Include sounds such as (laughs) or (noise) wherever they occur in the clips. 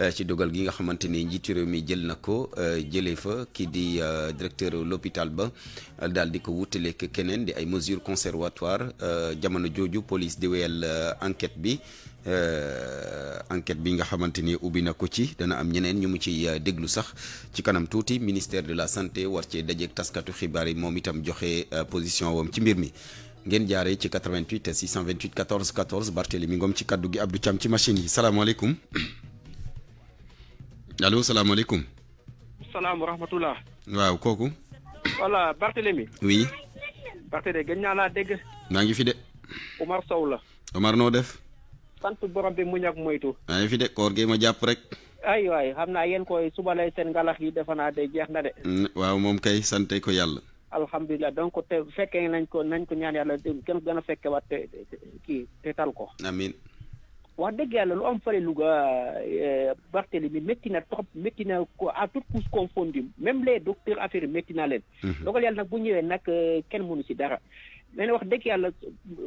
Euh, ci dogal gi nga xamanteni ni njiitu mi jël na ko euh, fa ki di euh, directeur l'hôpital ba dal di ko wutaleeg kenen di ay mesures conservatoires jamono joju police di wéyal enquête bi enquête bi nga xamanteni ni ubbi ko ci dana am ñeneen ñu mu ci déglu sax ci kanam touti ministère de la santé war ci dajé taskatu xibaari mom itam joxé position wam ci mbir mi ngeen jaaree ci 88 628 14 14 Barthélémy Ngom ci kaddu gi Abdou Cham ci machine yi salaamaaleykum. allo salaamaaleykum. salaam wa rahmatulah. waaw kooku. walla Barthélémy. oui. Barthélémy gën naa laa dégg. maa ngi fi de. Omar Sow la. Omar noo def. sant borom bi mu ak moytu. maa ngi fi de koor gi ma jàpp rek. ay waay xam naa yéen koy suba lay seen ngalax yi defe naa de jeex na de. Mm, waaw moom kay sante ko yàlla. alhamdulilah donc te fekkee nañ ko nañ ko ñaan yàlla kenn gën a fekke waat te kii tal ko. amiin. wax dëgg yàlla lu am fële Louga euh, Barthélemy métti na trop métti na ko à toute cause confondue même les docteurs affaire yi métti na leen. Mhm. dogal yàlla nag bu ñëwee nag euh, kenn mënu si dara. mais wax dëgg yàlla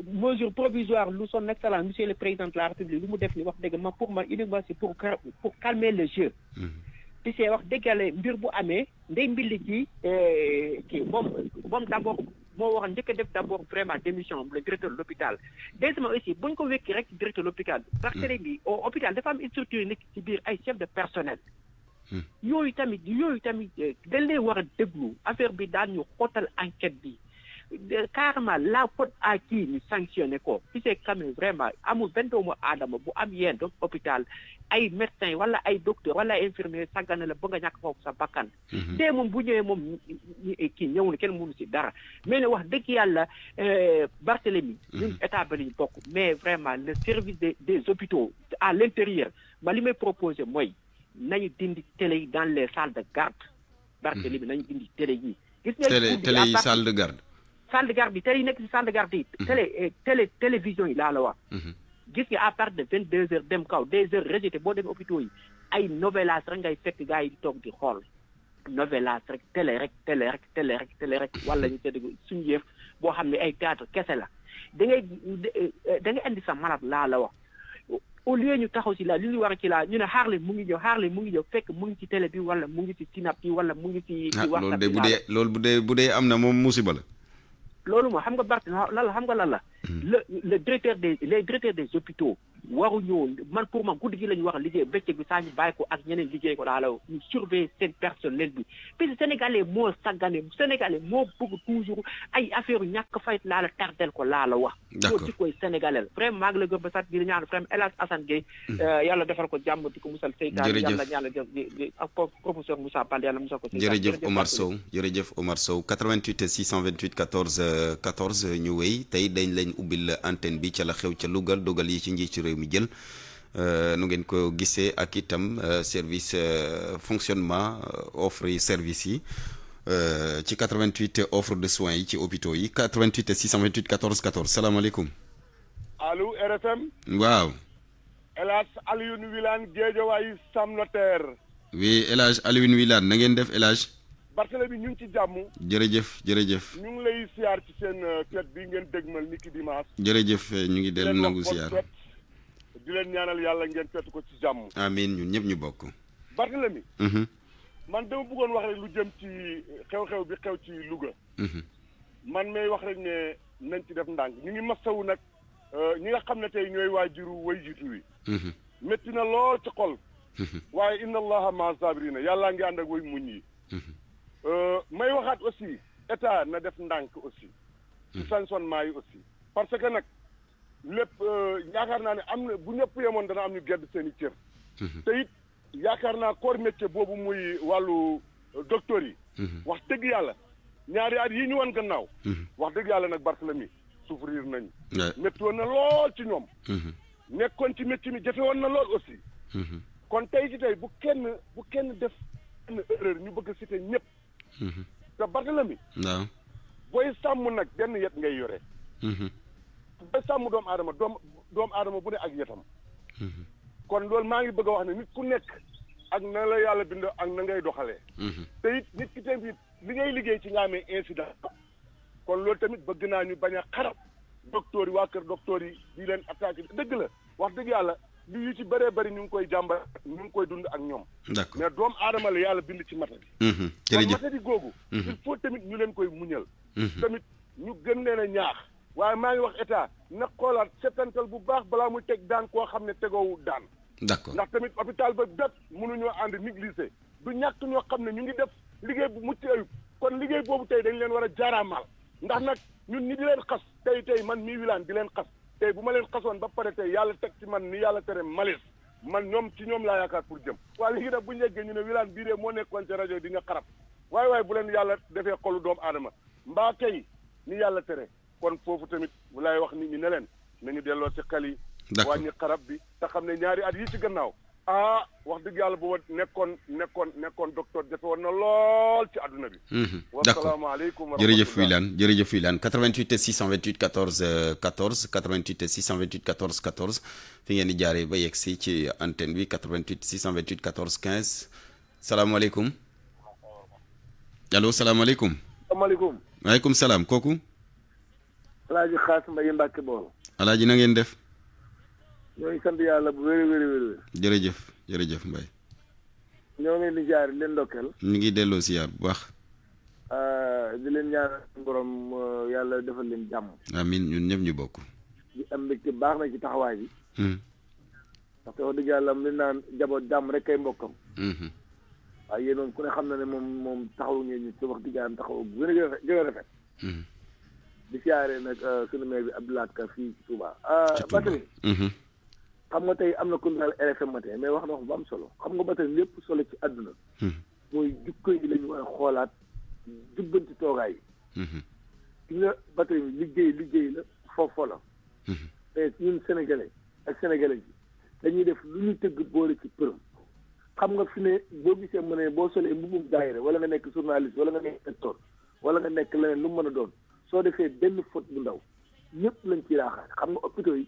mesure provisoire lu son excellence monsieur le président de la république lu mu def ni wax dëgg ma pour ma uniquement c'est pour pour calmer le jeu. tu mhm. sais wax dëgg yàlla mbir bu amee ndey mbili ci euh, kii moom moom d' abord moo waxoon njëkk a def d'abord vraiment démission le directeur de l'hôpital deuxièmement aussi buñ ko wékki rek directeur de l'hôpital que bi hmm. au hôpital les femmes structure nekk ci biir ay chef de personnel hmm. yooyu tamit eu tamit euh, dañ lay war a déglu affaire bi daal ñu xóotal enquête bi karma la faute à qui nous sanctionne ko fi c'est quand même vraiment amul ben doomu Adam bu am yenn donc hôpital ay médecin wala ay docteur wala infirmier sàggane la ba nga ñàkk foofu sa bakkan mhm. té mom bu ñëwé mon ki ñëw kenn mënu dara mais le wax dëgg yàlla euh, Barthélemy mhm. ñun état ba lañu bokk mais vraiment le service des des hôpitaux à l'intérieur ma li proposé moy nañu dindi télé dans les salles de garde mhm. Barthélemy nañu dindi télé yi gis télé. télé yi salle de garde sans de garde de mhm. eh, télé télévision la wax. Mhm. gis de 22 heures dem kaw 2 heures rejeté bo des hôpitaux yi ay novelas rek ngay fekk gaay di di novelas rek rek télé rek télé rek télé rek wala ñu ay kese la da ngay da ngay sa malade la wax au lieu ñu taxaw la li war la ñu ne mu ngi mu ngi mu ngi ci bi mu sinap bi wala mu loolu moom xam nga Barth lan la xam nga lan la le le directeur des les directeurs des hôpitaux waru ñu man pour ma guddi gi la ñu war a liggéey bëccëg bi saa bay ko ak ñeneen liggéey ko daala ñu surveiller seen personnel bi parce que sénégalais moo sàggane sénégalais mo bëgg toujours ay affaire ñak fayt la la tardel ko la la wax moo si koy sénégalais vraiment maa ngi la gëm ba sat bi ñaan vraiment El Assane gay hmm. euh, yalla défar ko jamm di ko musal seytaan yàlla ñaanal di ak professeur Moussa Baldé yalla musal ko jere jeuf Omar Sow jere jeuf Omar Sow 88 628 14 14 ñu wéy tay dañ lañ ubbil antenne bi ci la xew ci Louga dogal yi ci ci rew mi jël euh, nu ngeen ko gissé ak itam euh, service euh, fonctionnement offre et service yi ci 88 offre de soins yi ci hôpitaux yi 88 628 14 14 alaykoum allo RFM. waaw. Elas Alioune Wilane Guédiawaye Sam Notaire. oui elage Hadj Alioune Wilane na ngeen def elage Barthélemy ñu ngi ci jàmm. jërëjëf jërëjëf. ñu ngi lay siyaar ci seen euh, fête bi ngeen dégmal ni ki dimanche. jërëjëf euh, ñu ngi dellu nangu siyaar di leen ñaanal yàlla ngeen fête ko ci jàmm. amiin ñun ñëpp ñu bokk. Barthélemy. Mhm. man dama bëggoon wax rek lu jëm ci xew-xew bi xew ci Louga. Mhm. man may wax rek ne nañ ci def ndànk ñu ngi wu nag euh, ñi nga xam ne tey ñooy waajuru way jiitu wi. métti mhm. na lool ci xol. waaye inna allaha ma sabrina yàllaa ngi ànd ak way muñ yi. Euh, may waxaat aussi état na def ndànk aussi. Hmm. ci sanctionnement yi aussi. parce que nag lépp euh, yaakaar naa ne am na bu ñëpp yemoon dana am ñu gedd seen i cër. Hmm. te yaakaar naa corps métier boobu muy wàllu euh, docteur yi. Hmm. wax dëgg yàlla ñaari at yi ñu wan gannaaw. wax dëgg yàlla nag Barthélemy souffrir nañu. métti woon na lool ci ñoom. nekkoon ci métier mi jafe woon na lool aussi. kon tey ci tey bu kenn bu kenn def benn erreur ñu bëgg a citer ñëpp. Mm-hmm. te Barthélemy booy sàmm nag benn yet ngay yore mm-hmm. booy sàmm doomu aadama doom doomu aadama bu ne ak yetam mm-hmm. kon loolu maa ngi bëgg a wax ne nit ku nekk ak na la yàlla bind ak na ngay doxalee te it nit ki tamit li ngay liggéey ci nga amee incident kon loolu tamit bëgg naa ñu bañ a xarab docteur yi waa kër docteur yi di leen attaqué dëgg la wax dëgg yàlla li yu ci bëree bëri ñu ngi koy jàmba ñu ngi koy dund ak ñoom. d'accord mais doomu aadama la yàlla bind ci matadi. Mhm. jërëjëf kon matadi googu. Mhm. il faut tamit ñu leen koy muñal. Mhm. tamit ñu gën leen a ñaax. waaye maa ngi wax état na xoolaat setantal bu baax balaa mu teg daan koo xam ne tegoo daan. d'accord ndax tamit hôpital ba bépp mënuñoo ànd négligé du ñàkk ñoo xam ne ñu ngi def liggéey bu mucc ayib kon liggéey boobu tey dañu leen war a jaaraamal ndax nag ñun ñi leen xas tey tey man mii wilaan di leen xas tey bu ma leen xasoon ba pare tey yàlla teg ci man ni yàlla tere malis man ñoom ci ñoom laa yaakaar pour jëm waaye léegi nag bu ñu yeggee ne Wilane Biré moo nekkoon ci rajo di nga xarab waaye waaye bu leen yàlla defee xolu doomu aadama mbaa kay ni yàlla tere kon foofu tamit bu laay wax nit ñi ne leen ngi delloo si xel yi wàññi xarab bi te xam ne ñaari at yi ci gannaaw ah wax dëgg yàlla booba nekkoon nekkoon nekkoon docteur jafe woon na lool ci àdduna bi. wasalaamaaleykum wa rahmatulah jërëjëf Wilane jërëjëf Wilane 88 628 14 14 88 628 14 14 fi ngeen di jaaree ba yegg si ci antenne bi 88 628 14 15 salaamaaleykum allo salaamaaleykum. maaleykum salaam kooku. El Hadj Xaas Mbaye Mbacke Bool. El Hadj na ngeen def. ñoo ngi yàlla bu wér wér wér. jërëjëf jërëjëf Mbaye. ñoo ngi di jaar leen ndokkeel. ñu ngi delloo si yaar bu baax. Ah, di leen ñaanal borom uh, yàlla defal leen jàmm. amiin ñun ñëpp ñu bokk. di am mbégte baax na ci taxawaay bi. Hmm. ndaxte wax dëgg am li naan jaboot jàmm rek kay mbokkam. Hmm. waaye yéen moom ku ne xam na ne moom moom taxawu ngeen ñu wax dëgg yàlla taxawu bu gën a gën a rafet. Hmm. di siyaaree nag uh, sunu maire bi Abdoulaye Ka fii ci ah, xam nga tey am na ku naan RFM matin mais wax na wax bu am solo xam nga ba tey solo ci àdduna. Hmm. mooy jukko yi lañu war a xoolaat jubbanti toogaay yi. ki hmm. nga ba tey liggéey liggéey la foofu la. Hmm. te ñun sénégalais ak sénégalais bi dañuy def lu ñu tëgg boole ci përëm xam nga fi ne boo gisee mën ne boo solee mbubum daayira wala nga nekk journaliste wala nga nekk wala nga nekk leneen lu mu mën a doon soo defee benn faute bu ndaw ñëpp lañ ci raaxaat xam nga hôpitaux yi.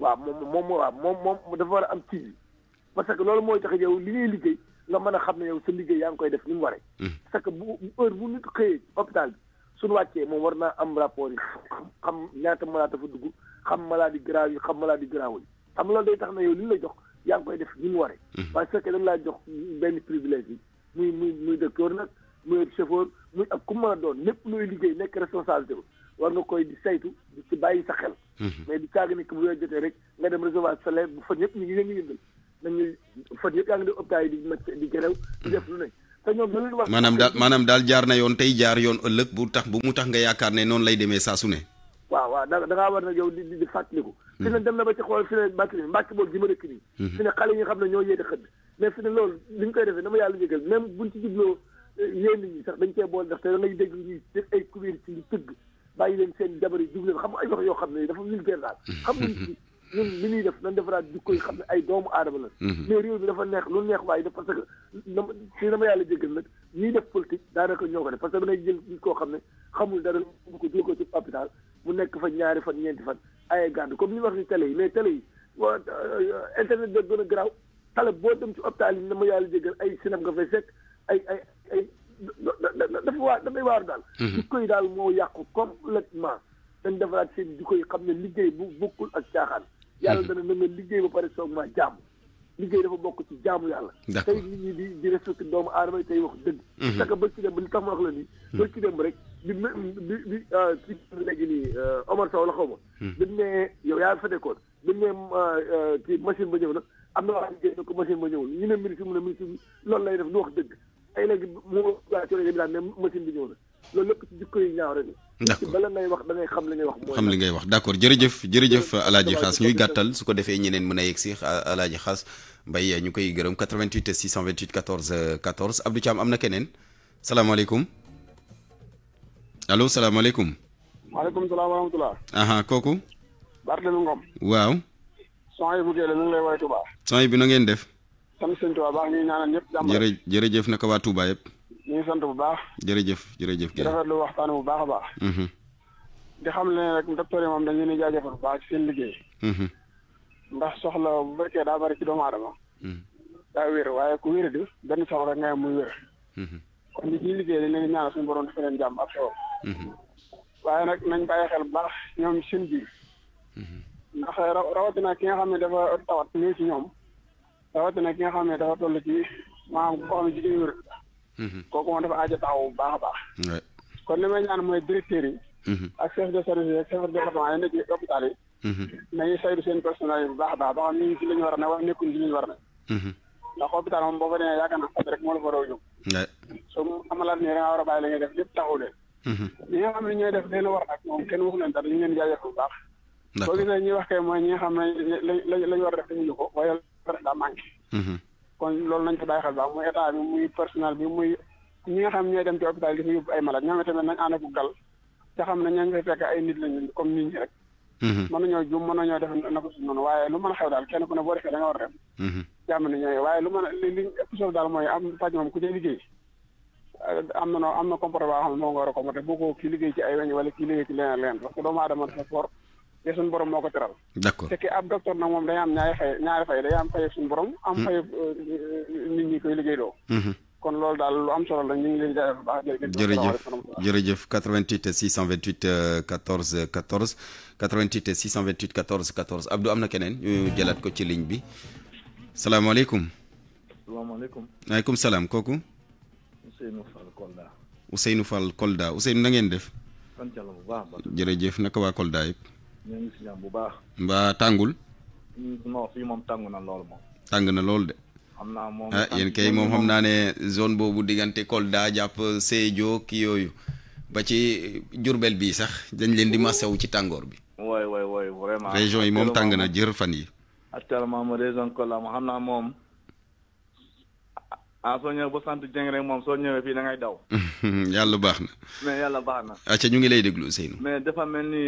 waaw moom moom waaw moom moom dafa war a am ci parce que loolu mooy tax yow li ngay liggéey nga mën a xam ne yow sa liggéey yaa ngi koy def ni mu waree. Hmm. parce que bu heure bu nit xëyee hôpital bi suñu wàccee moom war naa am rapport yi xam ñaata malade dafa dugg xam maladie grave yi xam maladie grave yi xam loolu day tax na yow li la jox yaa ngi koy def ni mu waree. Hmm. waaye su fekkee laa jox benn privilège bi muy muy muy docteur nag muy chauffeur muy ak ku mën a doon lépp looy liggéey nekk responsabilité war nga koy di saytu si bàyyi sa xel. Mm-hmm. mais du caaga ni que bu yooyu jotee rek nga dem wax maanaam daal maanaam daal jaar na yoon tey jaar yoon ëllëg bu tax bu mu tax nga yaakaar ne noonu lay demee saa su ne waaw waaw da war nag yow di di fàttaliku mm-hmm. fi ne dem na ba ci xool fi ne mbàkk mi ji ma dëkk nii mm-hmm. fi ne xale yi nga xam ne ñoo yéete xëdd mais fi ne loolu li ñu koy defee dama yàlla jégal même buñ ci jubloo yéen nit ñi sax dañ cee bool def te da ngay dégg ñuy def ay kubéer tëgg bàyyi leen seen jabar yi jublu xam ay wax yoo xam ne dafa vulgaire daal xam nañ ñun li ñuy def nañ defaraat di koy xam ne ay doomu aadama la mais réew bi dafa neex lu neex waaye parce que na si na yàlla jéggal nag ñiy def politique daanaka ñoo ko def parce que dangay jël nit koo xam ne xamul dara bu ko dugal ko ci hôpital mu nekk fa ñaari fan ñeenti fan ay gàddu comme ñu wax ni télé yi mais télé yi internet da gën a garaaw xale boo dem ci hôpital yi dama yàlla jéggal ay sinam nga fay fekk ay ay dafa waar dafay waaru daal mhm. jikko yi daal moo yàqu complètement dañ defaraat seen jikko yi xam ne liggéey bu bokkul ak caaxaan mhm. yàlla dana na nga liggéey ba pare soog maa jaamu liggéey dafa bokk ci jaamu yàlla tey nit ñi di di respecté doomu aadama yi tey wax dëgg saka mhm. ba ci dem li la nii ba ci rek bi bi bi ci léegi nii euh, Omar Sow la xaw ma dañ yow yaa fa nekkoon dañ ne ci euh, euh, machine ba ñëw na am na waa liggéey na ko machine ba ñëwul ñu ne ministre mu loolu lay def du wax dëgg ay léegi mu waa machine bi ñëw na loolu lépp ci jikko ñaaw rek d'accord bala ngay wax da xam li ngay wax mooy xam li jërëjëf jërëjëf alaaji xaas ñuy gàttal su ko defee ñeneen mën a yegg si alaaji xaas mbay ñu koy gërëm 88 628 14 14 Abdou Thiam am na keneen salaamaaleykum allo salaamaaleykum maaleykum salaam wa rahmatulah aha kooku Barthélémy waaw son bu géele nu ngi lay woy Touba son bi na ngeen def tamit sëñ Tuubaa baax ñuy ñaanal ñëpp. jàmm jërë jërëjëf naka waa Touba yëpp. ñu ngi sant bu baax. jërëjëf jërëjëf. di waxtaan bu baax a baax. Mm-hmm. di xam ne rek docteur yi leen di jaajëfal bu baax ci seen liggéey. Mm-hmm. ndax soxla bu fekkee daa bari ci doomu aadama. Mm-hmm. daa wér waaye ku wér di benn soxla rek ngay muy wér. kon ñi ciy liggéey dañ leen di ñaanal suñu borom dafa leen jàmm ak waaye nag nañ bàyyi xel bu baax ñoom seen biir. ndax rawatina ki nga xam ne dafa tawat ñëw ci ñoom rawatina ki nga xam ne dafa toll ci maanaam koo xam ne jigéen wér mhm. kooku moom dafa aajo taxaw bu baax a baax kon li may ñaan mooy directeur yi mhm. ak chef de service yi ak chef de département yi nekk ci hôpital yi mhm. nañuy saytu seen bu baax baax ba xam ni ñu war a ne wala nekkuñ li ñu war a ne ndax hôpital moom boo fa nee yaakaar naa faj rek moo la fa raw jóg so mu amalaat nii da a bàyyi la ngay def lépp taxaw leen ñi nga xam ne ñooy def leen war nag moom kenn waxu leen dara ñu leen jaajëf bu baax boo gisee ñuy wax kay mooy ñi nga xam ne lañ war a def dañuñu ko wala presque daa manqué. Mhm. kon loolu nañ ci bàyyi xel baax muy état bi muy personnel bi muy ñi nga xam ñooy dem ci hôpital di fa yóbbu ay malade ñoom tamit nañ ànd ak dal te xam ne ñoo ngi fay fekk ay nit lañu comme nit ñi rek. Mhm. mën nañoo jum mën nañoo def na ko si noonu waaye lu mën a xew daal kenn ku ne boo defee da nga war a dem. Mhm. jàmm ne waaye lu mën a li li ëpp daal mooy am pàcc moom ku cay liggéey am na noo am na comportement boo xam moo nga war a comporté boo ko kii liggéey ci ay weñ te suñu borom moo ko teral. d'accord te ki ab docteur am ñaari am fay hmm. euh, euh, hmm. kon loolu daal lu am solo la ñu ngi leen di bu baax jërëjëf jërëjëf 88 628 14 14 88 628 14 14 Abdou am na keneen ñu jëlaat ko ci ligne bi salaamaaleykum. salaamaaleykum. maaleykum salaam kooku. Ousseynou Fall Kolda. Ousseynou Fall Kolda na ngeen def. sant yàlla bu naka waa Kolda yëpp. ñu bu baax. mbaa tàngul. Mm, non moom tàng na lool moom. tàng na lool de. xam naa moom ah yéen kay moom xam naa ne zone boobu diggante Kolda jàpp Sédhiou ki yooyu ba ci Jurbel bii sax dañ leen di masawu ci tàngoor bi. waay waay waay vraiment. région yi moom tàng na jër fan yi actuellement ma région Kolda ma xam naa moom. ah, ah soo ñëwee ba sant Dieng moom soo ñëwee fii da ngay daw. (laughs) yàlla baax na. yàlla baax na. acca ñu ngi lay déglu Seynou. mais dafa mel ni.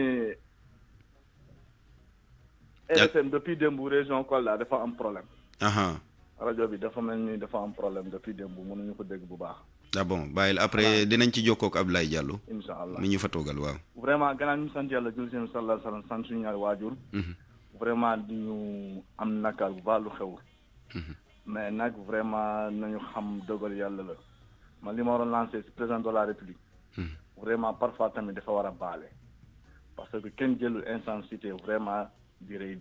RFM depuis Dembou, région Kolda dafa am problème. Ah ah. Radio bi dafa mel ni dafa am problème depuis Dembou, démb ñu ko dégg bu baax. ah bon bàyyil après dinañ ci jokkoo ak Abdoulaye Diallo. Inshallah. allah mi ñu fa toogal waaw. vraiment gannaaw ñu sant Yalla julli seen sallallahu alayhi wa sallam sant suñu ñaari Hmm. vraiment di ñu am nakal bu baax lu xew. Mhm. mais nak vraiment nañu xam dogal Yalla la man li ma waroon lancer ci président de la république. Hmm. vraiment parfois tamit dafa war a baale. parce que kenn jëlul intensité vraiment. di rey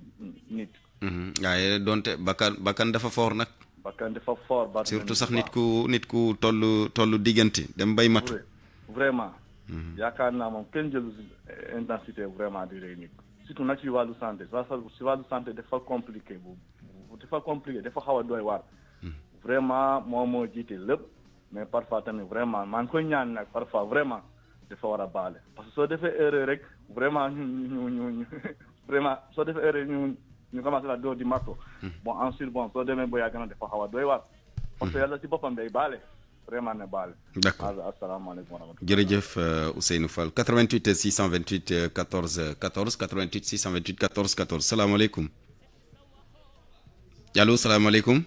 nit. Mhm. waaye donte bakkan bakkan dafa foor nag. bakkan dafa foor. sax nit ku nit ku toll tollu diggante dem bay matu. vraiment. Mhm. yaakaar naa moom kenn jëlu intensité vraiment di rey nit. surtout nag ci wàllu santé si wàllu santé dafa compliqué bu dafa compliqué dafa xaw a doy waar. Mhm. vraiment moo moo jiite lépp. mais parfois tamit vraiment maa ngi koy ñaan nag parfois vraiment dafa war a baale. parce que soo defee erreur rek vraiment ñu ñu ñu ñu. vraiment so def heure ñu ñu commencé la door di marto hmm. bon ensuite bon so demee boyaa gën a dafa xaw a doy waar hmm. parce que yàlla si boppam day baale vraiment ne baale d'accord asalaamaaleykum wa rahmatulah jërëjëf euh, Ousseynou Fall 88 628 14 14 88 628 14 14 salaamaaleykum allo salaamaaleykum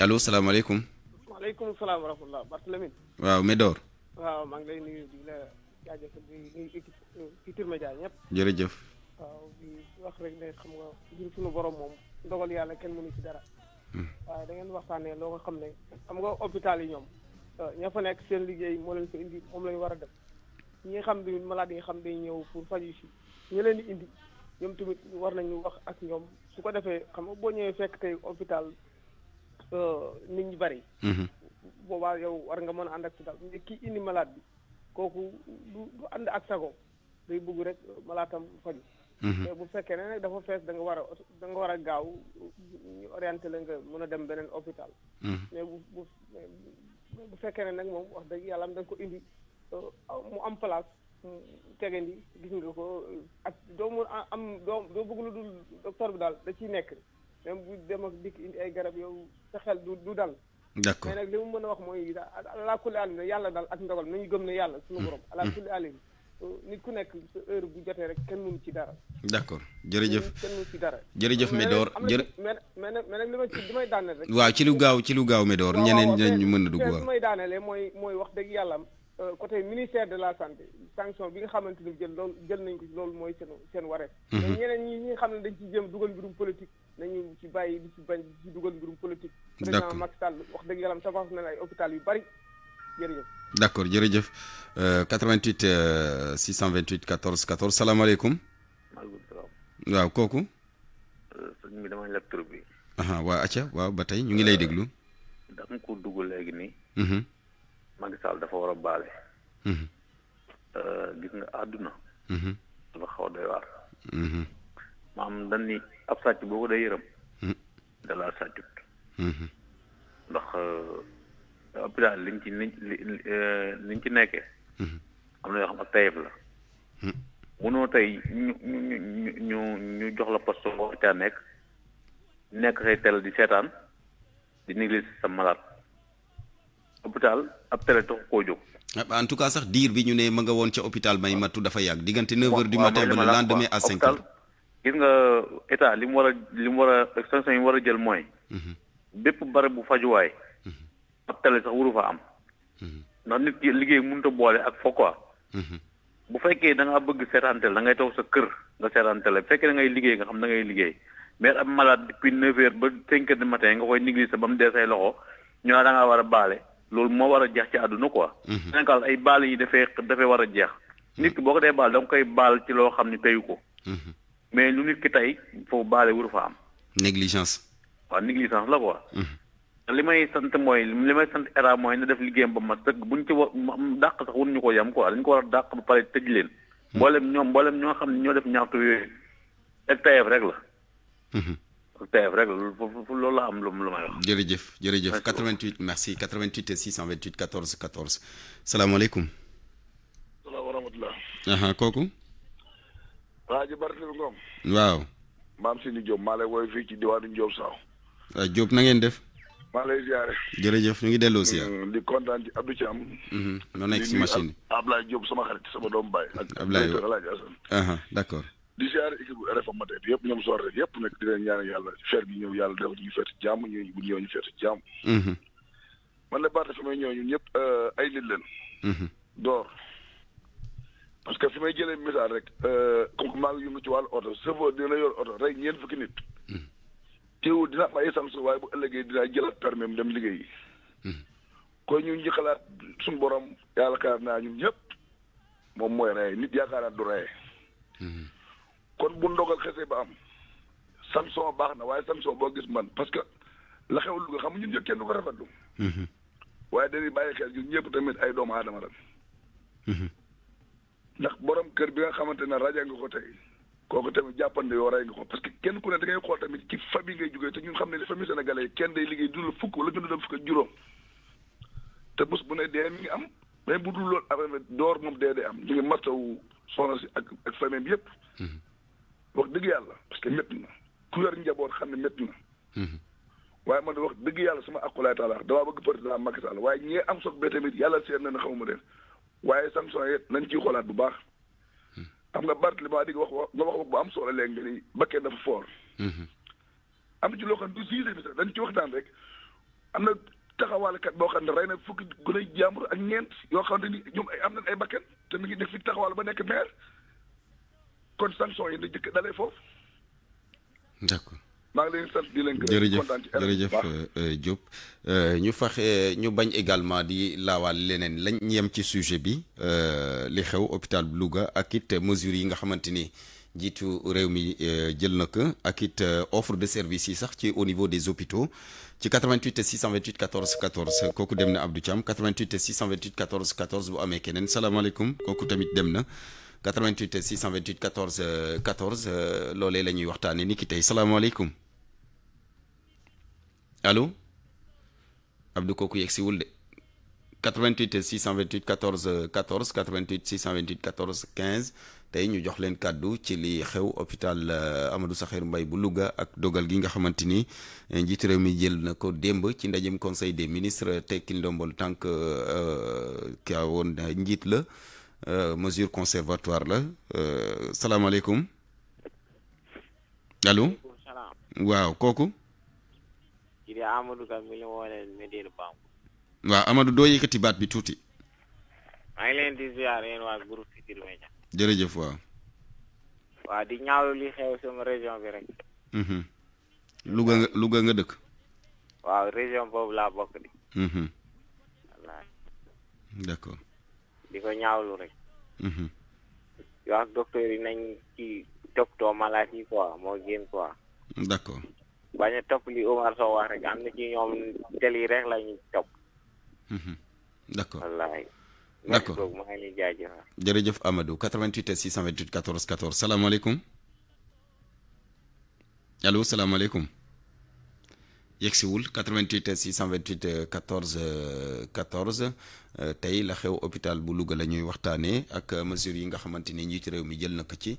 allo salaamaaleykum maaleykum salaam wa rahmatulah Barthélémy waaw Médor waaw maa ngi lay nuyu di la jaajëfal di nuyu équipe Futurs Médias ñëpp. jërëjëf. waaw wax rek ne xam nga ngir suñu borom moom dogal yàlla kenn mënu ci dara. Hmm. waaye da ngeen waxtaanee loo nga xam ne xam nga hôpital yi ñoom euh, ña nekk seen liggéey moo leen fa indi moom la war a def ñi nga xam ne malade yi nga xam day ñëw pour faju si ñu di indi ñoom tamit war nañu wax ak ñoom su ko defee xam nga boo ñëwee fekk tey hôpital euh, nit ñi bari. Hmm. boobaa yow war nga mën a ànd ak si daal ki indi malade bi kooku du du ànd ak sago day bëgg rek malaatam faju mhm. te bu fekkee ne nag dafa fees da war a da nga war a gaaw ñu orienté la nga mën a dem beneen hôpital mhm. mais bu bu bu fekkee ne nag moom wax dëgg yàlla da ko indi euh, mu am place tegandi gis nga ko euh, ak doo mun am doo doo bëgg lu dul docteur bi daal da ciy nekk même bu dem ak dikk indi ay garab yow sa xel du du dal d'accord nag li mu mën a wax mooy ala kulli àlli yàlla daal ak ndogal ñu gëm ne yàlla suñu mhm. borom ala kulli àlli nit ku nekk sa heure bu jotee rek kenn mënu ci dara. d' jërëjëf kenn mënu ci dara. jërëjëf Médor jërë mais nag mais nag li ma ci li may daaneel rek. waaw ci lu gaaw ci lu gaaw Médor ñeneen dinañ mën a dugg may daanelee mooy mooy wax dëgg yàlla euh, coté ministère de la santé sanction bi nga xamante ni jël loolu jël nañ ko loolu mooy seen seen wareef. Mhm. ñeneen ñi nga xam ne dañ ci jëm dugal mbirum politique nañu ci bàyyi di ci bañ di ci dugal mbirum politique. d' accord président Sall wax dëgg yàlla tabax na ay hôpital yu bari jërëjëf d' accord jërëjëf 88 628 14 14 salaamaaleykum. maaleykum salaam. waaw kooku. Euh, sëñ bi dama la tur bi. acca waaw ba tey ñu ngi lay déglu. Euh, dama ko dugg léegi nii. Mhm. Macky Sall dafa war a baale. Mhm. Euh, gis nga àdduna. Mhm. dafa xaw a waar. maam dañ ni ab sàcc boo ko day yërëm. da laa sàccut. ndax. ëpp daal liñ ci liñ euh, liñ ci nekkee. Mhm. am na yoo xam ak tayef la. Mhm. munoo tey ñu ñu ñu ñu jox la poste boo nekk nekk xëy tel di seetaan di négliger sa malade. hôpital ab télé tax koo jóg. Ah, en tout cas sax diir bi ñu ne ma nga woon ca hôpital may mattu dafa yàgg diggante 9 heures du matin ba le lendemain à 5 heures. gis nga état li mu war a li mu war a extension yi mu war a jël mooy. Mhm. bépp barab bu fajuwaay. ab télé sax waru fa am. ndax nit ki liggéey mënut a boole ak fo quoi. bu fekkee da ngaa bëgg seetaan télé da ngay toog sa kër nga seetaan télé bu fekkee da ngay liggéey nga xam da ngay liggéey mais am malade depuis neuf heures ba cinq heures du matin nga koy négligé ba mu dee say loxo ñu naan da ngaa war a baale loolu moo war a jeex ci àdduna quoi. Mhm. Sénégal ay baal yi dafay dafay war a jeex. nit ki boo ko dee baal da koy baal ci loo xam ne teyu ko. Mhm. mais lu nit ki tey foofu baale waru fa am. négligence. waaw négligence la quoi. Mhm. li may sant moy li may sant era moy na def liggéeyam ba ma teug buñ ci dakk sax wun ñu ko yam quoi dañ ko wara dakk ba pare tejj leen hmm. mboolem ñom mboolem ño xamni ño def ñaatu yoy ak tayef rek la hmm. tayef rek lu la am lu lu may wax jërëjëf jërëjëf 88 merci 88 et 628 14 14 salaamaaleykum salaam wa aha koku Hadji Barthélemy Ngom waaw mam Sini job maa lay woy fi ci diwaanu Diop saw job na ngeen def maa lay ziare. jërëjëf ñu ngi delloo si euh, di kontaan ci Abdou Thiam. noo mhm, nekk si machine bi Ablaye Diop sama xarit sama doomu baay. Ablaye Diop ak Assane. d' accord. di ziare équipe bu RFM ma tey bi yëpp ñoom soor rek yëpp nag di leen ñaan yàlla feer bi ñëw yàlla def ñu feetu jàmm ñu bu ñëw ñu feetu jàmm. Mhm. man may ñëw ñun ñëpp euh, ay mhm. door. parce que fi may jëlee message rek. comme euh, maa ngi yëngu ci wàllu oto chauffeur dina yor oto rey ñeent fukki nit. teewul dina am ay sam su waaye bu ëllëgee dinaa jëlaat permis mu dem liggéey hmm. kon ñun ñu xalaat suñ borom yaakaar naa ñun ñëpp moom mooy rey nit yaakaar naa du rey. Hmm. kon bu ndogal xese ba am Samson baax na waaye Samson boo gis man parce que la xew lu nga xam ñun ñëpp kenn du ko rafetlu. Hmm. waaye dañuy bàyyi xel ñun ñëpp tamit ay doomu aadama la. ndax borom kër bi nga xamante ne rajo nga ko tey. kooku tamit jàppande yoo rey nga ko parce que kenn ku ne da ngay xool tamit ci famille ngay jógee te ñun xam ne ne famille sénégalais kenn day liggéey dund fukk wala dund fukk juróom te bés bu ne dee mi ngi am mais bu dul loolu affaire door moom dee dee am ñu ngi si ak yëpp. Mm-hmm. wax dëgg yàlla parce que métti na ku yor njaboot xam ne métti na. Mm-hmm. waaye man wax dëgg yàlla sama akulaay taala damaa bëgg président Macky Sall waaye ñee am soog ba tamit yàlla seet na ne xamuma leen waaye sanction yi nañ ciy xoolaat bu baax. xam nga Barthélémy di nga wax nga wax wax bu am solo léegi nga ni Bakel dafa fort. Mhm. am ci loo xam du juge bi sax dañ ci waxtaan rek am na taxawalkat boo xam ne rey na fukki gën a ak ñeent yoo xam ni ñoom ay am na ay bakkan te mi ngi def fi taxawal ba nekk maire kon sanction yi na jëkk dalee foofu. d'accord. maa ngi di sant di leen jërëjëf jërëjëf euh, Diop euh, ñu faxe euh, ñu bañ également di laawaal leneen lañ ñem ci sujet bi li xew hôpital bu Louga ak it mesures yi nga xamante ni njiitu réew mi jël na ko ak it offre de service yi sax ci au niveau des hôpitaux ci 88 628 14 14 kooku dem na Abdou Thiam 88 628 14 14 bu amee keneen salaamaaleykum kooku tamit dem na. 88 628 14 14 loolee la ñuy waxtaanee ni ki tey salaamaaleykum allo Abdou Yeksioulde, 88 628 14 14 88 628 14 15 tay ñu jox leen cadeau hôpital euh, Amadou Sakhir Mbaye bu Louga ak dogal gi nga euh, mi jël na ko ci conseil des ministres tekki ndombol tànk euh, kaa la mesure conservatoire la alaikum. Allô waaw Koko. kii di Amadou Ka mi ngi woo leen waaw Amadou doo yëkkati baat bi tuuti. maa ngi leen di ziar yéen waa groupe Futurs Médias. jërëjëf waaw. waa di ñaawlu li xew sama région bi rek. Mhm. Louga nga Louga dëkk. waaw région boobu laa bokk di. Mhm. wallaahi. di ko ñaawlu rek. Mhm. yoo nañ ci toppatoo malade yi quoi moo gën quoi. d'accord. bañ a topp li Omar Sow wax rek am na ci ñoom tel yi rek la ñuy topp. Mhm. d' accord wallaahi. d' accord merci maa ngi lay jaajëfal. jërëjëf Amadou 88 628 14 14 salaamaaleykum allo salaamaaleykum. yegsiwul 88 628 14 14 tey la xew hôpital bu Louga la ñuy waxtaanee ak mesures yi nga xamante ni njiit réew mi jël na ko ci.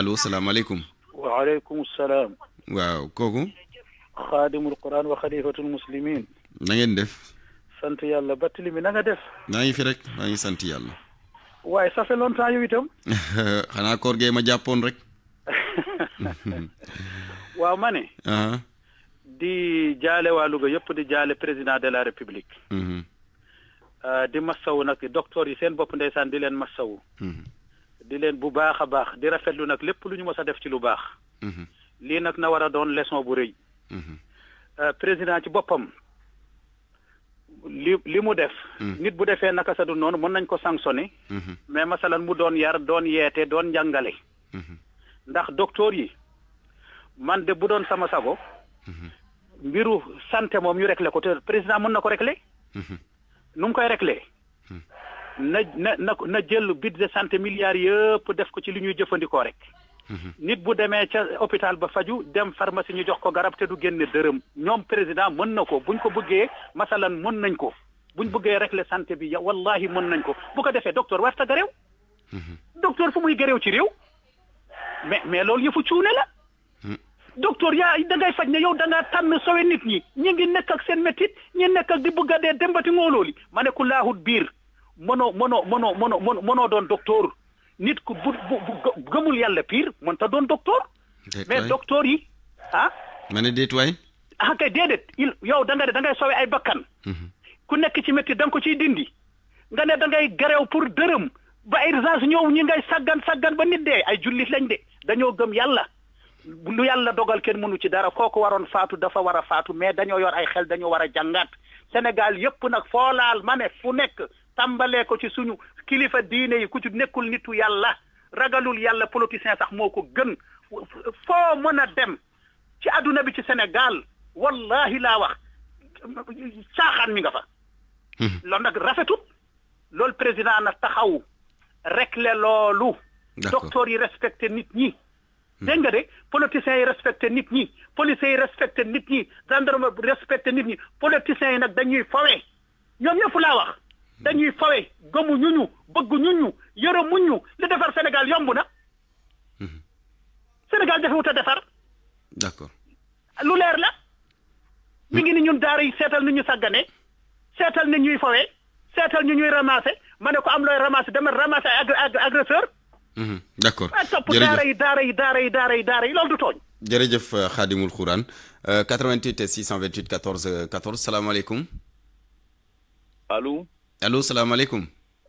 allo salaamaaleykum. waaleykum salaam. waaw kooku. xaadimul quran wa xalifatul muslimin. na ngeen def. sant yàlla battali mi na def. naa ngi fi rek maa ngi sant yàlla. waaye ça fait longtemps yow (laughs) xanaa koor gee ma jàppoon rek. (laughs) waaw mane di jaale waa Louga yëpp di jaale président de la république. Mhm. Ah, di masawu nag docteur yi seen bopp ndeysaan di leen masawu. Mhm. di leen bu baax a baax di rafetlu nag lépp lu ñu mës a def ci lu baax. Mhm. lii nag na war a doon leçon bu rëy. Mhm. Euh, président ci boppam li li mu def. Mhm. nit bu defee naka sa du noonu mën nañ ko sanctionné. mais masalan mu doon yar doon yeete doon njàngale. ndax docteur yi man de bu doon sama sago. mbiru sante moom ñu réglé ko te président mën na ko réglé. nu mu koy réglé. na na na na jël budget de santé milliards yëpp def ko ci lu ñuy jëfandikoo rek. Mhm. nit bu demee ca hôpital ba faju dem pharmacie ñu jox ko garab te du génne dërëm ñoom président mën na ko buñ ko bëggee masalan mën nañ ko buñ bëggee régler santé bi yow wallahi mën nañ ko bu ko defee docteur warta garéew mhm. docteur fu muy garéew ci réew mais mais loolu yëfu cuune la mhm. docteur yaa da ngay faj ne yow da ngaa tànn sowe nit ñi ñi ngi nekk ak seen métit ñi nekk ak di bëgg a dee dembati ngóolooli ma ne ku laahut biir mënoo mënoo mënoo mënoo mënoo doon docteur nit ku bu bu gëmul yàlla pire mën ta doon docteur. mais docteur yi ah. ma ne déet waay. ah kay déedéet il yow da nga da ngay sowe ay bakkan. Mhm. ku nekk ci métti da nga ko ciy dindi. nga ne da ngay garew pour dërëm ba urgence ñëw ñi ngay saggan saggan ba nit dee ay jullit lañ de dañoo gëm yàlla. lu yàlla dogal kenn mënu ci dara kooku waroon faatu dafa war a faatu mais dañoo yor ay xel dañoo war a jàngat Sénégal yëpp nag foolaal ma ne fu nekk tàmbalee ko ci suñu kilifa diine yi ku ci nekkul nitu yàlla ragalul yàlla politicien sax moo ko gën foo mën a dem ci àdduna bi ci Sénégal wallahi laa wax caaxaan mi nga fa hmm. loolu nag rafetut loolu président na taxaw réglé loolu docteur yi respecté nit ñi hmm. dégg nga de politiciens yi respecté nit ñi policiers yi respecté nit ñi gendarme respecté nit ñi politiciens yi nag dañuy fawee ñoom ñëpp laa wax dañuy fawe gomu ñu ñu bëgg ñu ñu yërëmu ñu li defar Sénégal yomb na. Sénégal jafewut a defar. d'accord lu leer la. mi ngi ni ñun daara yi seetal ni ñu sàggane seetal ni ñuy fawe seetal ñu ñuy ramasser ma ne ko am looy ramasser dama ramasser ag agresseur d'accord jërëjëf topp daara yi daara yi daara yi daara yi daara yi loolu du tooñ. jërëjëf Khadimoul Khourane 88 628 14 14 salaamaaleykum. allo. Allô, salam alaikum.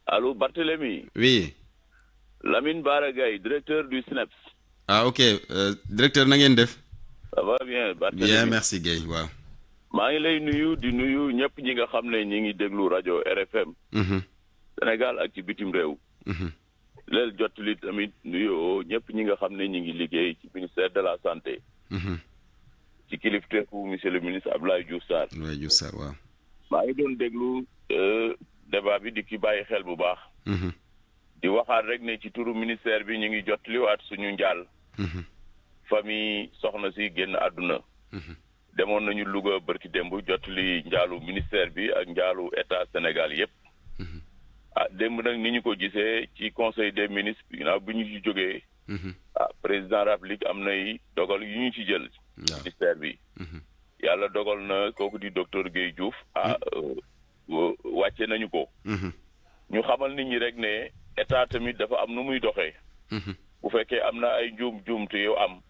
Allô, Barthélémy. Oui. Lamine Baragay, directeur du SNAPS. Ah, ok. Euh, directeur Nangendef. Ça va bien, Barthélémy. Bien, merci, Gay. Wow. maa ngi lay nuyu di nuyu ñëpp ñi nga xam ne ñi ngi déglu radio RFM. Mhm. Sénégal ak ci bitim réew. Mhm. leel jot li tamit nuyoo ñëpp ñi nga xam ne ñi ngi liggéey ci ministère de la santé. Mhm. ci kilifteefu monsieur le ministre Abdoulaye Diouf Sarr. Abdoulaye Diouf Sarr waaw. déglu. Euh, débat bi di ki bàyyi xel bu baax. Mhm. di waxaat rek ne ci turu ministère bi ñu ngi jot liwaat suñu njaal. Mhm. famille soxna si génn àdduna. Mhm. demoon nañu Louga bërki démb jot li njaalu ministère bi ak njaalu état Sénégal yépp ah démb nag ni ñu ko gisee ci conseil des ministres ginnaaw bi ñu ci jógee. ah président république am nay dogal yu ñu ci jël. ministère bi. yàlla dogal na kooku di docteur Guèye juuf ah. Euh, wàcce nañu ko. Mhm. ñu xamal nit ñi rek ne état tamit dafa am nu muy doxee. Mhm. bu fekkee am na ay njuum njuumte yu am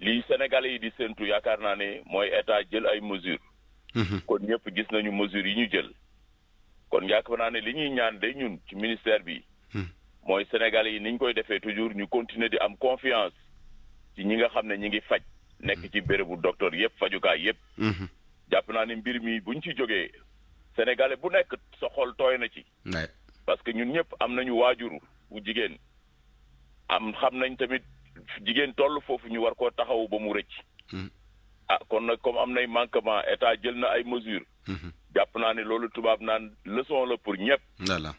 lii Sénégalais yi di séntu yaakaar naa ne mooy état jël ay mesures. Mhm. kon ñëpp gis nañu mesures yi ñu jël. kon yaakaar naa ne li ñuy ñaan de ñun ci ministère bi. mooy Sénégalais yi niñ koy defee toujours ñu continuer di am confiance ci ñi nga xam ne ñi ngi faj. nekk ci bérébu docteur yëpp fajukaay yëpp. jàpp naa ne mbir mi buñ ci jógee sénégalais bu nekk sa tooy na ci. parce que ñun ñëpp am nañu waajuru bu jigéen am xam nañ tamit jigéen toll foofu ñu war koo taxawu ba mu rëcc. Hmm. ah kon nag comme am nay manquement état jël na ay mesures. Hmm. jàpp naa ne loolu tubaab naan leçon la pour ñëpp. voilà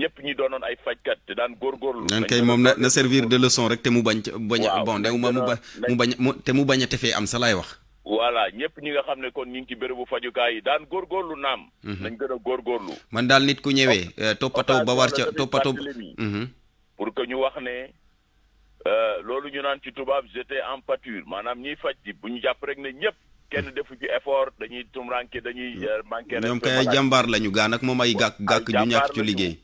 ñëpp ñi noon ay fajkat te daan góor góorgóorlu. dañ kay moom na servir de leçon rek te mu bañ. bañ bon de mu bañ mu te mu bañ a tefee am sa laay wax. voilà ñëpp ñi nga xam ne kon ñu ngi ci bérébu fajukaay yi daan góorgóorlu naam. Mhm. nañ gën a góorgóorlu. man daal nit ku ñëwee. Euh, toppatoo ba war ca toppatoo. Mhm. pour que ñu wax ne euh, loolu ñu naan ci tubaab jete en pâture maanaam ñi faj ji bu ñu jàpp rek ne ñëpp. kenn mhm. defu ci effort dañuy tumranke dañuy euh, manqué. ñoom kay jàmbaar lañu gaan ak moom ay gàkk gàkk ju ñàkk ci liggéey.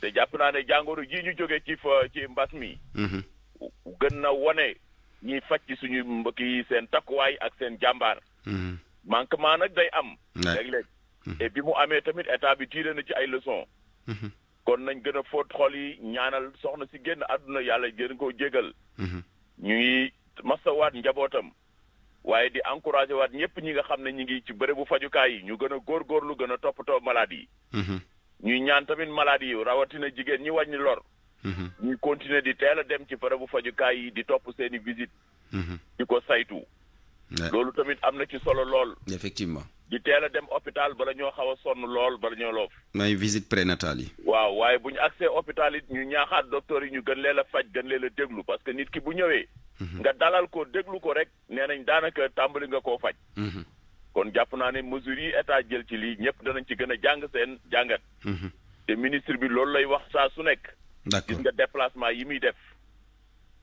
te jàpp naa ne jàngoro ji ñu jóge ci fa ci mbas mi. gën na wone ñuy faj ci suñu mbokk yi seen takkuwaay ak seen jàmbaar. Mhm. manquement nag day am. léeg-léeg mhm. et bi mu amee tamit état bi tiire na ci ay leçons. Mhm. kon nañ gën a fóot xol yi ñaanal soxna si génn àdduna yàlla gën koo jégal. ñuy masawaat njabootam. waaye di encouragé waat ñëpp ñi nga xam ne ñu ngi ci bërëbu fajukaay yi ñu gën a góorgóorlu gën a toppatoo malade yi. ñuy ñaan tamit malade yi rawatina jigéen ñi wàññi lor. Mm-hmm. ñuy continuer di teel a dem ci barabu fajukaay yi di topp seeni i visite mm-hmm. di ko saytu loolu tamit am na ci solo lool effectivement di teel a dem hôpital bala ñoo xaw a sonn lool bala ñoo loof may visite prénatale yi waaw waaye bu ñu accès hôpital it ñu ñaaxaat docteur yi ñu gën leen a faj gën leen a déglu parce que nit ki bu ñëwee mm-hmm. nga dalal ko déglu ko rek nee nañ daanaka tàmbali nga koo faj kon jàpp naa ne mesures yi état jël ci lii ñëpp danañ ci gën a jàng seen jàngat ministre bi loolu lay wax saa su nekk gis nga déplacement yi muy def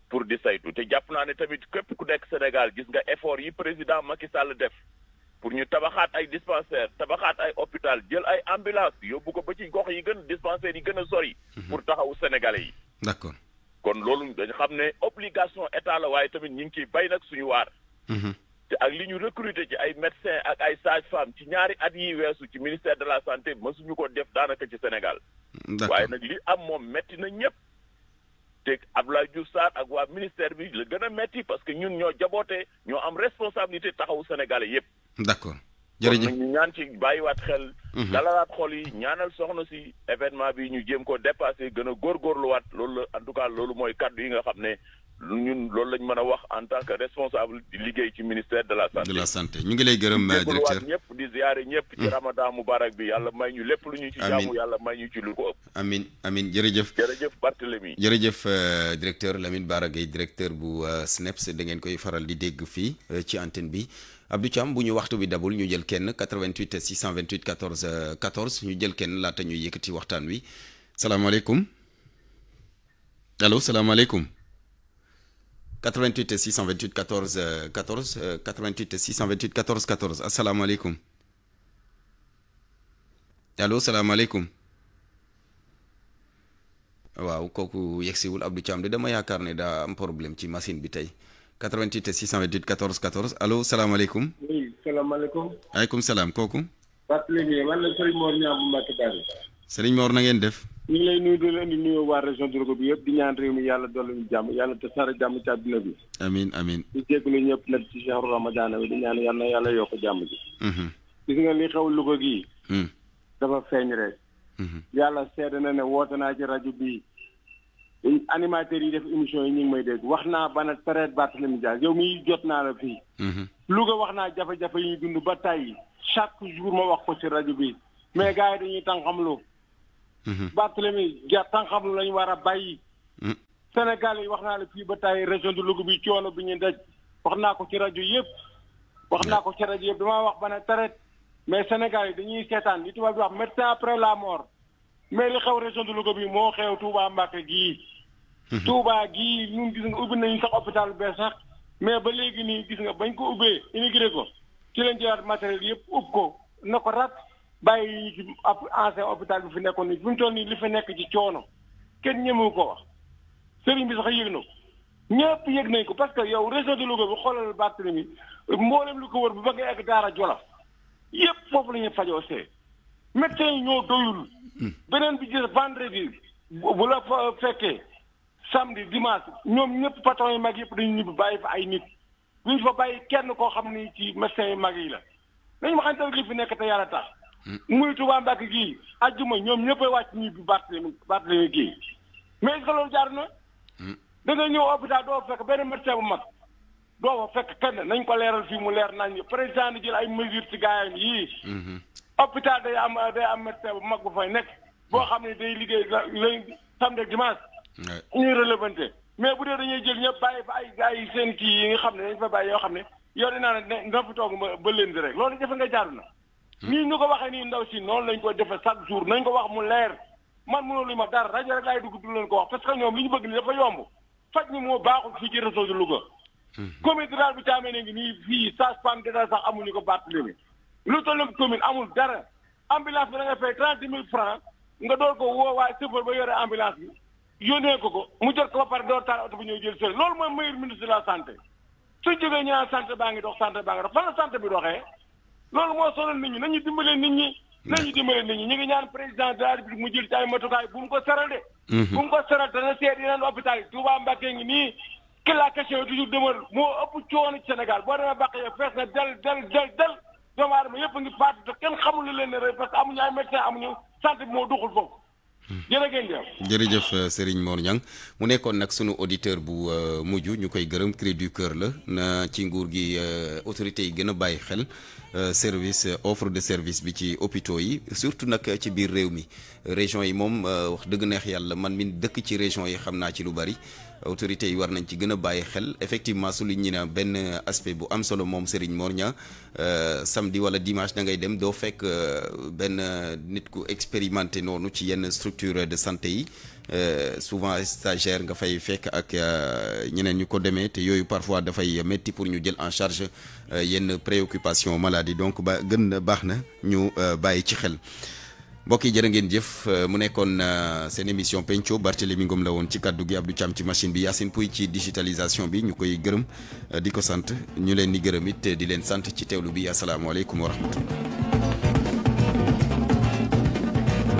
pour di saytu te jàpp naa ne tamit képp ku nekk Sénégal gis nga effort yi président Macky Sall def pour ñu tabaxaat ay dispensaire tabaxaat ay hôpital jël ay ambulance yóbbu ko ba ci gox yi gën dispensaire yi gën a sori. Mhm. pour taxawu sénégalais yi. d'accord kon loolu dañu xam ne obligation état la waaye tamit ñu ngi ciy bay nag suñu waar. Mhm. te ak li ñu recruter ci ay médecins ak ay sages-femmes ci ñaari at yi weesu ci ministère de la santé mësuñu ko def daanaka ci Sénégal. waaye nag li am moom metti na ñëpp. te laa Diouf Sarr ak waa ministère bi la gën a metti parce que ñun ñoo jabootee ñoo am responsabilité taxawu sénégalais yëpp. d'accord jërëjëf ñu ñaan ci bàyyiwaat xel. Mhm. dalalaat xol yi ñaanal soxna si événement bi ñu jéem ko dépassé gën a góor góorgóorluwaat loolu la en tout cas loolu mooy kàddu yi nga xam ne lu loolu lañ mën a wax en tant que responsable di liggéey ci ministère de la santé. de ñu ngi lay gërëm directeur ñëpp di ziare ñëpp. ci hmm. ramadan mubarak bi yàlla may ñu lépp lu ñu ci jaamu yàlla may ñu ci lu ko ëpp. amin amin jërëjëf. jërëjëf Barthélemy. jërëjëf euh, directeur Lamine Bara Gaye directeur bu euh, SNEPS da ngeen koy faral di dégg fii euh, ci antenne bi. Abdou Thiam bu ñu waxtu bi dabul ñu jël kenn 88 628 14 14 ñu jël kenn laata ñuy yëkkati waxtaan wi salaamaaleykum salaamaaleykum. 88 628 14 14 88 628 14 14 asalaamaaleykum allo salaamaaleykum waaw kooku yegsiwul Abdou Thiam de dama yaakaar ne daa am problème ci machine bi tey 88 628 14 14 allo salaamaaleykum. oui salaamaaleykum. waaleykum salaam kooku. Barthélémy Serigne Mor na ngeen def. ñu ngi lay nuyu di leen di nuyu waa région de Louga bi yëpp di ñaan réew mi yàlla dolli ñu jàmm yàlla te saara jàmm ci àdduna bi. amiin amiin. di jégalu ñëpp nag ci chahru ramadaan bi di ñaan yàlla yàlla yokk jàmm ji. Mhm. gis nga li xew Louga gii. Mhm. dafa feeñ rek. Mhm. yàlla seede na ne woote naa ci rajo bi animateurs yi def émission yi ñu may dégg wax naa bana traite Barthélémy Dias yow mi jot naa la fii. Louga wax naa jafe-jafe yi dund ba tàyyi chaque jour ma wax ko ci rajo bi mais gars yi dañuy tànqamlu Mhm. Barthélemy Dias tànqam la lañu war a bàyyi. Mhm. Sénégal yi wax naa la fii ba tàyyi région de Louga bi coono bi ñu daj wax naa ko ci rajo yëpp. wax naa ko ci rajo yëpp damaa wax ba ne traite mais Sénégal yi dañuy seetaan li tubaab di wax médecin après la mort mais li xew région de Louga bi moo xew Touba Mbacké gii. Mhm. Touba gii ñun gis nga ubbi nañu sax hôpital bee sax mais ba léegi nii gis nga bañ ko ubbee immigré ko ci lañ jëlaat matériel yëpp ub ko na ko bàyyi yi ci ab ancien hôpital bi fi nekkoon nii fi mu toll nii li fi nekk ci coono kenn ñemewu ko wax sëriñ bi sax yëg na ko ñëpp yëg nañ ko parce que yow région de Louga bi xoolal Barthélemy mbooleem lu ko wër bu bëgg a egg Daara Jolof yëpp foofu lañuy ñuy fajoo see médecin yi ñoo doyul. Hmm. beneen bi gis vendredi bu la fa fekkee samedi dimanche ñoom ñëpp patron yu mag yëpp dañu ñibbi bàyyi fa ay nit duñ fa bàyyi kenn koo xam ni ci médecin yu mag yi la dañu ma xam ne li nekk te yàlla tax. muy Touba Mbacke gii àjjuma ñoom ñëpp wàcc wàcc ñibbi Barthélemy Barthélemy gii mais est-ce loolu jaar na. Hmm. da ñëw hôpital doo fekk benn médecin bu mag doo fa fekk kenn nañ ko leeral fii mu leer nañ président di jël ay mesures ci gaayam yii. Hmm. hôpital day am day am médecin bu mag bu fay nekk boo xam ne day liggéey lundi samedi dimanche. ñuy relevanté mais bu dee dañuy jël ñëpp bàyyi fa ay gars yi seen kii yi nga xam ne dañ fa bàyyi yoo xam ne yow dinaa ne dina fa toog ba ba lënd rek loolu jafe nga na. nii ñu ko waxee nii ndaw si noonu lañ koy defee chaque jour nañ ko wax mu leer man mënoo lu ma dara rajo rek laay dugg du leen ko wax parce que ñoom li ñu bëgg ni dafa yomb faj ni moo baaxul fii ci réseau de Louga. Mhm. commune rural bi caamee ne ngi nii fii sage-femme dara sax amuñu ko baat léegi. lu tollu commune amul dara ambulance bi da nga fay trente mille francs nga door ko woo waaye ba yore ambulance bi yónnee ko ko mu jot ko ba pare door taal oto bu ñëw loolu mooy meilleur ministre la santé suñ jógee ñu baa ngi dox santé baa ngi dox fan la santé bi loolu moo sonal nit ñi nañu dimbalee nit ñi ñu ngi ñaan président de la mu jël ci ay matukaay bu mu ko saral de mhm. bu mu ko saral dana seet yeneen hôpital yi Touba Mbacké ngi nii que la question yi toujours demeure moo ëpp kenn xamul lu leen ne rek que amuñu ay médecin amuñu santé bi moo duxul mhm. jërëjëf euh, Serigne Mor Niang mu nekkoon nag sunu auditeur bu euh, mujj ñu koy gërëm cri kër la na ci nguur gi euh, autorités yi gën a bàyyi xel Euh, service euh, offre de service bi ci hôpitaux yi surtout nak ci biir réew mi région yi mom euh, wax deug neex yalla man min dëkk ci région yi xamna ci lu bari autorité yi war nañ ci gëna baye xel effectivement su li ben aspect bu am solo mom Serigne Mor samedi wala dimanche da ngay dem do fekk ben nit ku expérimenté nonu ci yenn structure de santé yi euh, souvent stagiaire nga fay fek ak euh, ñeneen ñu ko demee te yoyu parfois fay metti pour ñu jël en charge euh, yenn préoccupation maladie donc ba gën baax na ñu bàyyi ci xel mbokk yi jërë ngeen jëf mu nekkoon seen émission penco Barthélémy Ngom la woon ci kaddu gi Abdou cham ci machine bi Yacine Pouy ci digitalisation bi ñu koy gërëm di ko sant ñu leen ni gërëm it di leen sant ci teewlu bi asalaamaaleykum wa rahmatullah